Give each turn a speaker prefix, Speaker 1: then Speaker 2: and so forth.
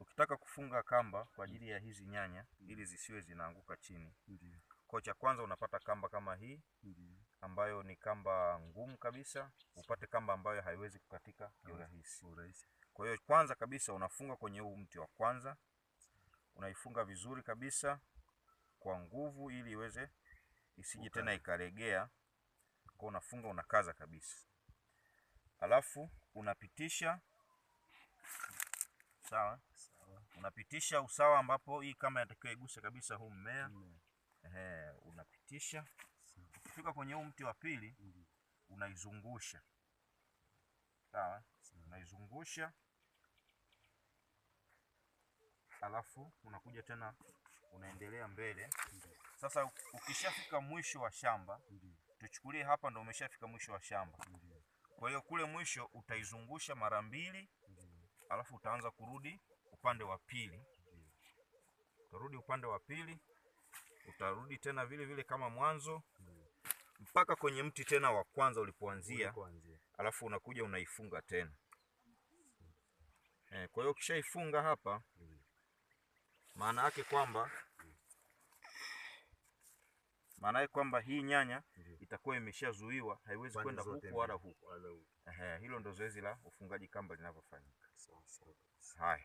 Speaker 1: Ukitaka kufunga kamba kwa ajili ya hizi nyanya ili zisiwe zinaanguka chini, kwa cha kwanza unapata kamba kama hii ambayo ni kamba ngumu kabisa, upate kamba ambayo haiwezi kukatika kiurahisi. Kwa hiyo kwanza kabisa unafunga kwenye huu mti wa kwanza, unaifunga vizuri kabisa kwa nguvu, ili iweze isije tena ikaregea. Kwa unafunga unakaza kabisa, alafu unapitisha sawa sawa. Unapitisha usawa ambapo hii kama inatakiwa iguse kabisa huu mmea ehe, unapitisha. Ukifika kwenye huu mti wa pili mm-hmm. unaizungusha, sawa, unaizungusha alafu unakuja tena unaendelea mbele. Sasa ukishafika mwisho wa shamba, tuchukulie hapa ndo umeshafika mwisho wa shamba. Kwa hiyo kule mwisho utaizungusha mara mbili alafu utaanza kurudi upande wa pili. Utarudi upande wa pili, utarudi tena vile vile kama mwanzo mpaka kwenye mti tena wa kwanza ulipoanzia, alafu unakuja unaifunga tena. Eh, kwa hiyo ukishaifunga hapa, maana yake kwamba maana yake kwamba hii nyanya itakuwa imeshazuiwa, haiwezi kwenda huku wala huku. Ehe, hilo ndo zoezi la ufungaji kamba linavyofanyika. Hi.